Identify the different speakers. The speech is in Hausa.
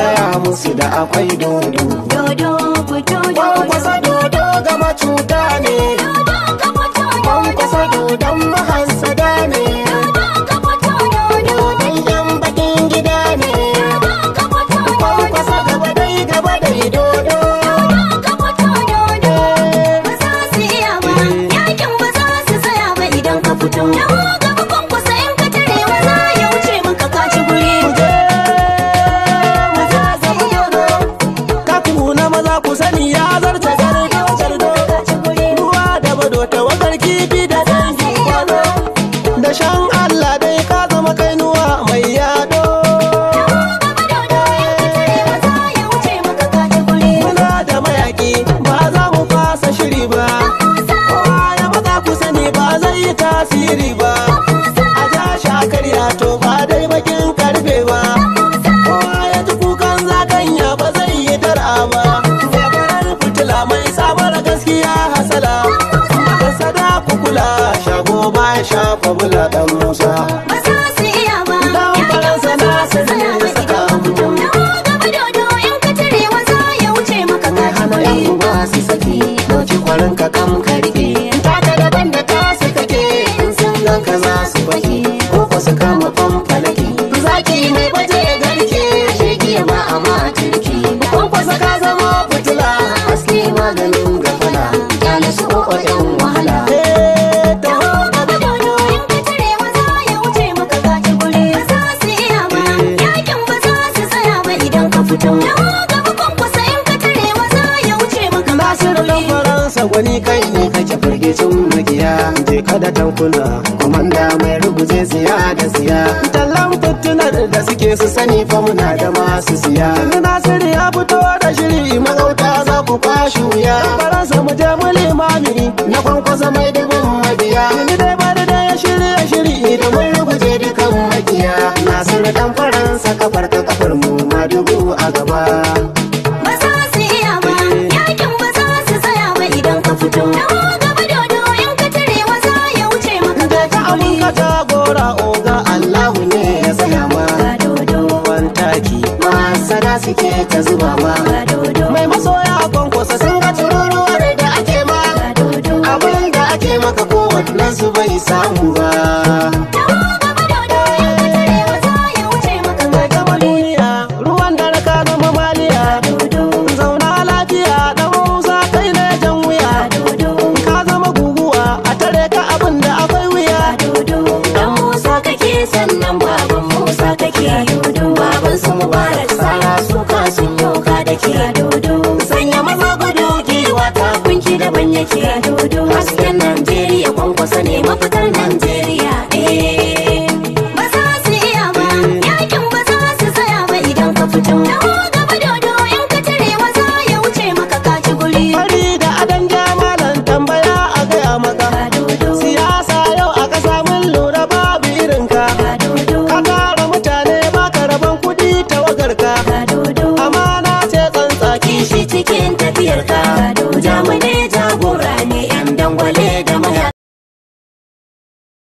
Speaker 1: gaya musu da akwai dodo dodo fito dodo dodo gama ne ba ya shafa bula dan musa isa gwani kai ne kake firgicin magiya je kada tankuna komanda mai ruguje siya da siya tallan fitinar da suke su sani fa muna da masu siya nasiru ya fito da shiri magauta za ku kwashi wuya faransa mu je mu limami na kwankwasa mai dubin magiya ni dai bari da ya shirya shiri da mai mun ka jagora oga Allahu ne ya saya ma Fantaki masana suke ta zuba ma Mai masoya kwankwasa sun ga tururuwar da ake ma Abin da ake maka kowannen su bai samu ba Sanya maza gudu giwa ta kunki daban yake. dodo. Hasken Najeriya kwankwasa ne mafitar Najeriya. cikin tafiyarka da wuja mu ne jagora